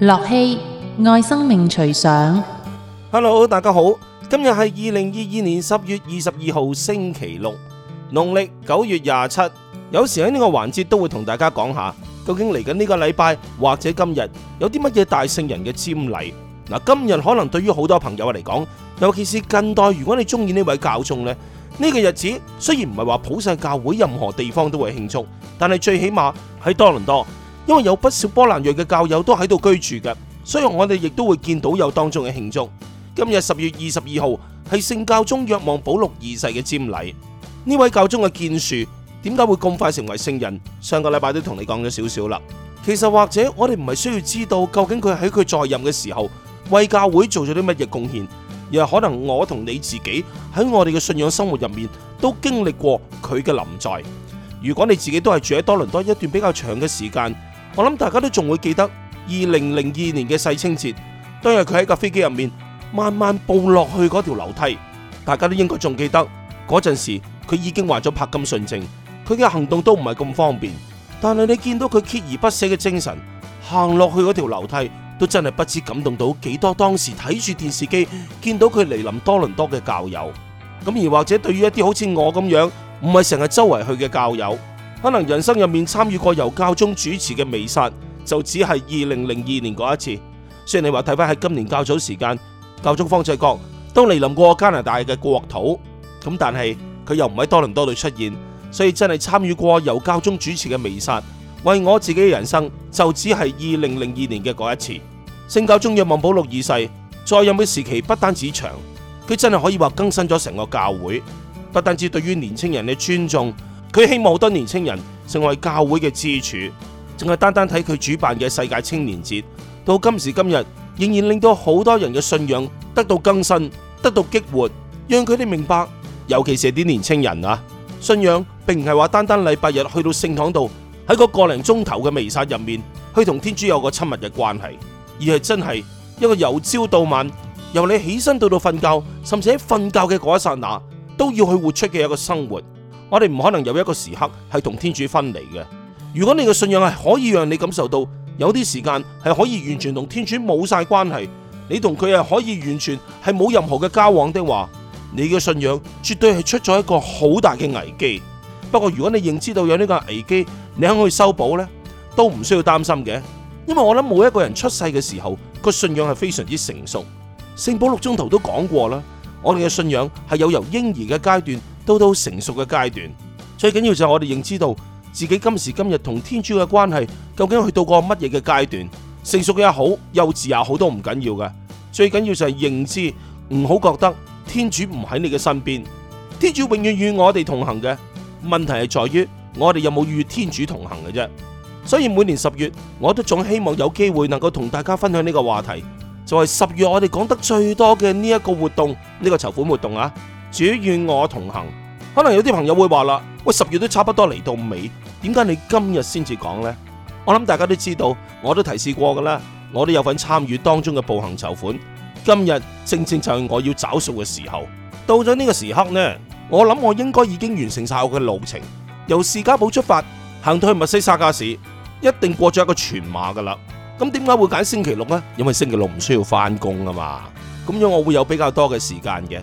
樂器愛生命隨想，Hello，大家好，今日係二零二二年十月二十二號星期六，農曆九月廿七。有時喺呢個環節都會同大家講下，究竟嚟緊呢個禮拜或者今日有啲乜嘢大聖人嘅瞻禮？嗱，今日可能對於好多朋友嚟講，尤其是近代，如果你中意呢位教宗呢，呢、呢個日子雖然唔係話普世教會任何地方都會慶祝，但係最起碼喺多倫多。因為有不少波蘭裔嘅教友都喺度居住嘅，所以我哋亦都會見到有當中嘅慶祝。今日十月二十二號係聖教宗若望保祿二世嘅瞻禮。呢位教宗嘅建樹點解會咁快成為聖人？上個禮拜都同你講咗少少啦。其實或者我哋唔係需要知道究竟佢喺佢在任嘅時候為教會做咗啲乜嘢貢獻，而係可能我同你自己喺我哋嘅信仰生活入面都經歷過佢嘅臨在。如果你自己都係住喺多倫多一段比較長嘅時間。我諗大家都仲會記得二零零二年嘅世青節當日佢喺架飛機入面慢慢步落去嗰條樓梯，大家都應該仲記得嗰陣時佢已經患咗帕金遜症，佢嘅行動都唔係咁方便，但係你見到佢鍥而不捨嘅精神行落去嗰條樓梯，都真係不知感動到幾多當時睇住電視機見到佢嚟臨多倫多嘅教友，咁而或者對於一啲好似我咁樣唔係成日周圍去嘅教友。可能人生入面參與過由教宗主持嘅彌撒，就只係二零零二年嗰一次。雖然你話睇翻喺今年較早時間，教宗方濟各都嚟臨過加拿大嘅國土，咁但係佢又唔喺多倫多度出現，所以真係參與過由教宗主持嘅彌撒。為我自己嘅人生，就只係二零零二年嘅嗰一次。聖教宗若望保祿二世在任嘅時期不單止長，佢真係可以話更新咗成個教會，不單止對於年青人嘅尊重。佢希望好多年青人成為教會嘅支柱，淨係單單睇佢主辦嘅世界青年節，到今時今日仍然令到好多人嘅信仰得到更新、得到激活，讓佢哋明白，尤其是啲年青人啊，信仰並唔係話單單禮拜日去到聖堂度，喺嗰個零鐘頭嘅彌撒入面，去同天主有個親密嘅關係，而係真係一個由朝到晚，由你起身到到瞓覺，甚至喺瞓覺嘅嗰一剎那，都要去活出嘅一個生活。我哋唔可能有一個時刻係同天主分離嘅。如果你嘅信仰係可以讓你感受到有啲時間係可以完全同天主冇晒關係，你同佢係可以完全係冇任何嘅交往的話，你嘅信仰絕對係出咗一個好大嘅危機。不過如果你認知到有呢個危機，你肯去修補呢，都唔需要擔心嘅。因為我諗每一個人出世嘅時候，個信仰係非常之成熟。聖保祿宗徒都講過啦，我哋嘅信仰係有由嬰兒嘅階段。都到成熟嘅階段，最緊要就係我哋認知到自己今時今日同天主嘅關係究竟去到過乜嘢嘅階段？成熟也好，幼稚也好，都唔緊要嘅。最緊要就係認知，唔好覺得天主唔喺你嘅身邊，天主永遠與我哋同行嘅。問題係在於我哋有冇與天主同行嘅啫。所以每年十月，我都總希望有機會能夠同大家分享呢個話題，就係十月我哋講得最多嘅呢一個活動，呢個籌款活動啊。主願我同行，可能有啲朋友會話啦，喂，十月都差不多嚟到尾，點解你今日先至講呢？我諗大家都知道，我都提示過噶啦，我都有份參與當中嘅步行籌款，今日正正就係我要找數嘅時候。到咗呢個時刻呢，我諗我應該已經完成晒我嘅路程，由士嘉堡出發行到去墨西沙加市，一定過咗一個全馬噶啦。咁點解會揀星期六呢？因為星期六唔需要翻工啊嘛，咁樣我會有比較多嘅時間嘅。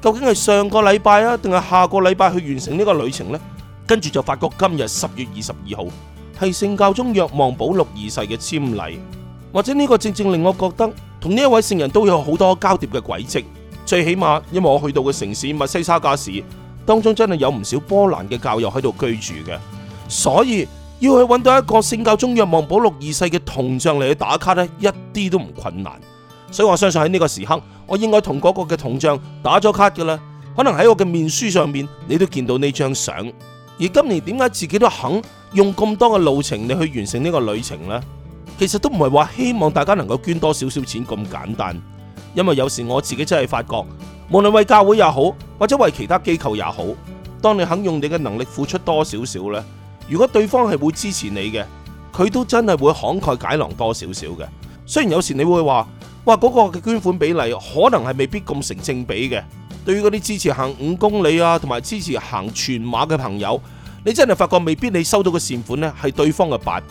究竟係上個禮拜啊，定係下個禮拜去完成呢個旅程呢？跟住就發覺今日十月二十二號係聖教宗若望保祿二世嘅簽禮，或者呢個正正令我覺得同呢一位聖人都有好多交疊嘅軌跡。最起碼，因為我去到嘅城市麥西沙加市，當中真係有唔少波蘭嘅教友喺度居住嘅，所以要去揾到一個聖教宗若望保祿二世嘅銅像嚟去打卡呢，一啲都唔困難。所以我相信喺呢個時刻，我應該同嗰個嘅銅像打咗卡嘅啦。可能喺我嘅面書上面，你都見到呢張相。而今年點解自己都肯用咁多嘅路程，嚟去完成呢個旅程咧？其實都唔係話希望大家能夠捐多少少錢咁簡單，因為有時我自己真係發覺，無論為教會也好，或者為其他機構也好，當你肯用你嘅能力付出多少少咧，如果對方係會支持你嘅，佢都真係會慷慨解囊多少少嘅。雖然有時你會話，話嗰個嘅捐款比例可能係未必咁成正比嘅。對於嗰啲支持行五公里啊，同埋支持行全馬嘅朋友，你真係發覺未必你收到嘅善款咧係對方嘅八倍。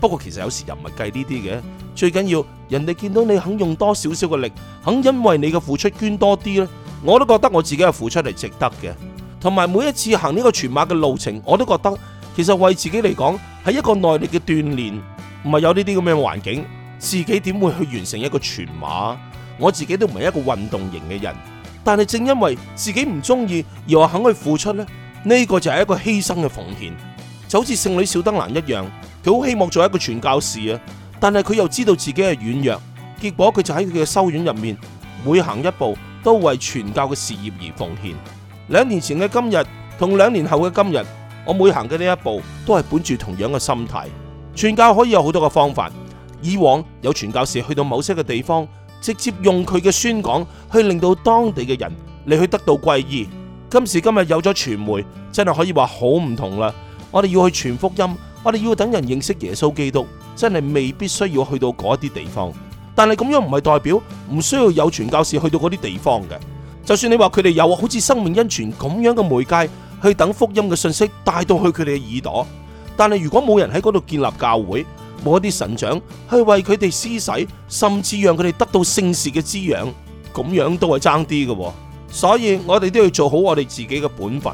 不過其實有時又唔係計呢啲嘅，最緊要人哋見到你肯用多少少嘅力，肯因為你嘅付出捐多啲咧，我都覺得我自己嘅付出係值得嘅。同埋每一次行呢個全馬嘅路程，我都覺得其實為自己嚟講係一個耐力嘅鍛煉，唔係有呢啲咁嘅環境。自己點會去完成一個全馬？我自己都唔係一個運動型嘅人，但係正因為自己唔中意而我肯去付出呢。呢、呢個就係一個犧牲嘅奉獻，就好似聖女小德蘭一樣，佢好希望做一個傳教士啊，但係佢又知道自己係軟弱，結果佢就喺佢嘅修院入面，每行一步都為傳教嘅事業而奉獻。兩年前嘅今日同兩年後嘅今日，我每行嘅呢一步都係本住同樣嘅心態。傳教可以有好多嘅方法。以往有傳教士去到某些嘅地方，直接用佢嘅宣講去令到當地嘅人你去得到皈依。今時今日有咗傳媒，真係可以話好唔同啦。我哋要去傳福音，我哋要等人認識耶穌基督，真係未必需要去到嗰啲地方。但係咁樣唔係代表唔需要有傳教士去到嗰啲地方嘅。就算你話佢哋有好似生命恩泉咁樣嘅媒介去等福音嘅信息帶到去佢哋嘅耳朵，但係如果冇人喺嗰度建立教會，冇一啲神掌去為佢哋施洗，甚至讓佢哋得到聖事嘅滋養，咁樣都係爭啲嘅。所以我哋都要做好我哋自己嘅本分，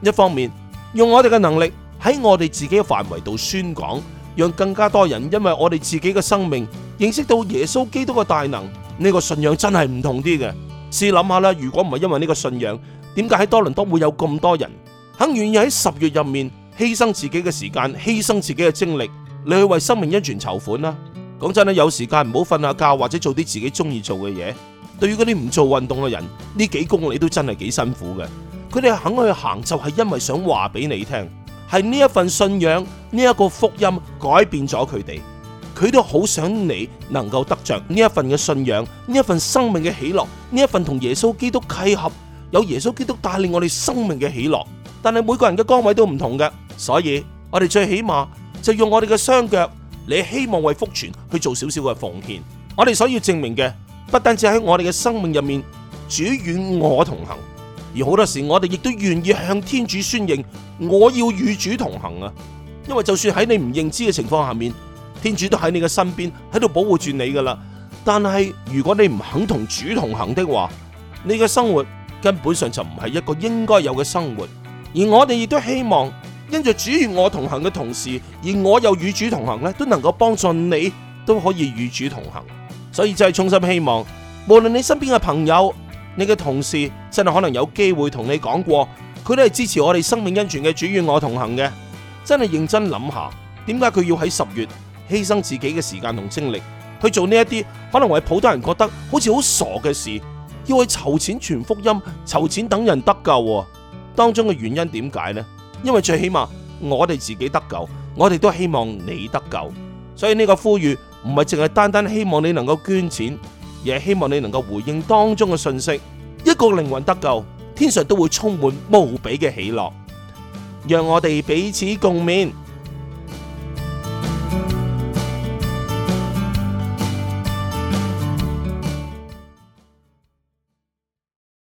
一方面用我哋嘅能力喺我哋自己嘅範圍度宣講，讓更加多人因為我哋自己嘅生命認識到耶穌基督嘅大能。呢個信仰真係唔同啲嘅。試諗下啦，如果唔係因為呢個信仰，點解喺多倫多會有咁多人肯願意喺十月入面犧牲自己嘅時間、犧牲自己嘅精力？你去為生命安全籌款啦！講真咧，有時間唔好瞓下覺或者做啲自己中意做嘅嘢。對於嗰啲唔做運動嘅人，呢幾公里都真係幾辛苦嘅。佢哋肯去行就係因為想話俾你聽，係呢一份信仰、呢一個福音改變咗佢哋。佢都好想你能夠得着呢一份嘅信仰，呢一份生命嘅喜樂，呢一份同耶穌基督契合，有耶穌基督帶領我哋生命嘅喜樂。但係每個人嘅崗位都唔同嘅，所以我哋最起碼。就用我哋嘅雙腳，你希望為福傳去做少少嘅奉獻。我哋所要證明嘅，不單止喺我哋嘅生命入面，主與我同行；而好多時，我哋亦都願意向天主宣認，我要與主同行啊！因為就算喺你唔認知嘅情況下面，天主都喺你嘅身邊，喺度保護住你噶啦。但係如果你唔肯同主同行的話，你嘅生活根本上就唔係一個應該有嘅生活。而我哋亦都希望。因着主與我同行嘅同時，而我又與主同行咧，都能夠幫助你，都可以與主同行。所以真係衷心希望，無論你身邊嘅朋友、你嘅同事，真係可能有機會同你講過，佢都係支持我哋生命恩泉嘅主與我同行嘅。真係認真諗下，點解佢要喺十月犧牲自己嘅時間同精力去做呢一啲可能為普通人覺得好似好傻嘅事，要去籌錢傳福音、籌錢等人得救。當中嘅原因點解呢？因為最起碼我哋自己得救，我哋都希望你得救，所以呢個呼籲唔係淨係單單希望你能夠捐錢，而係希望你能夠回應當中嘅信息。一個靈魂得救，天上都會充滿無比嘅喜樂，讓我哋彼此共勉。